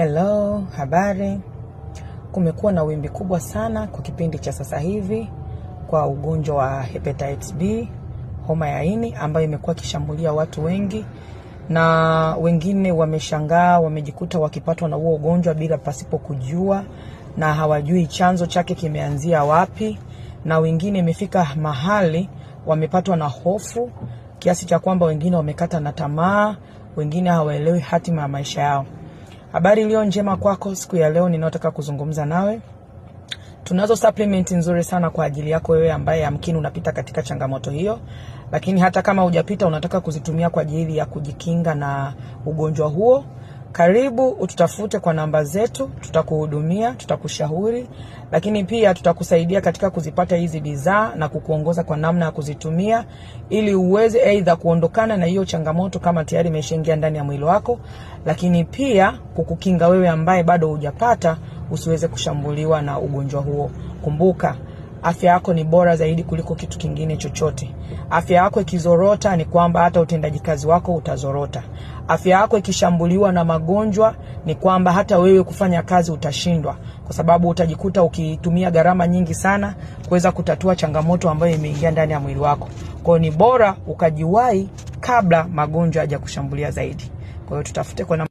Hello, habari. Kumekuwa na wimbi kubwa sana kwa kipindi cha sasa hivi kwa ugonjwa wa hepatitis B, homa ya ini ambayo imekuwa ikishambulia watu wengi, na wengine wameshangaa, wamejikuta wakipatwa na huo ugonjwa bila pasipo kujua, na hawajui chanzo chake kimeanzia wapi, na wengine imefika mahali wamepatwa na hofu kiasi cha kwamba wengine wamekata na tamaa, wengine hawaelewi hatima ya maisha yao. Habari iliyo njema kwako siku ya leo ninayotaka kuzungumza nawe, tunazo supplement nzuri sana kwa ajili yako wewe ambaye amkini unapita katika changamoto hiyo, lakini hata kama hujapita unataka kuzitumia kwa ajili ya kujikinga na ugonjwa huo. Karibu ututafute kwa namba zetu, tutakuhudumia, tutakushauri, lakini pia tutakusaidia katika kuzipata hizi bidhaa na kukuongoza kwa namna ya kuzitumia ili uweze aidha kuondokana na hiyo changamoto kama tayari imeshaingia ndani ya mwili wako, lakini pia kukukinga wewe ambaye bado hujapata usiweze kushambuliwa na ugonjwa huo. Kumbuka afya yako ni bora zaidi kuliko kitu kingine chochote. Afya yako ikizorota, ni kwamba hata utendaji kazi wako utazorota. Afya yako ikishambuliwa na magonjwa, ni kwamba hata wewe kufanya kazi utashindwa, kwa sababu utajikuta ukitumia gharama nyingi sana kuweza kutatua changamoto ambayo imeingia ndani ya mwili wako. Kwa hiyo ni bora ukajiwahi kabla magonjwa hajakushambulia zaidi. Kwa hiyo tutafute kwa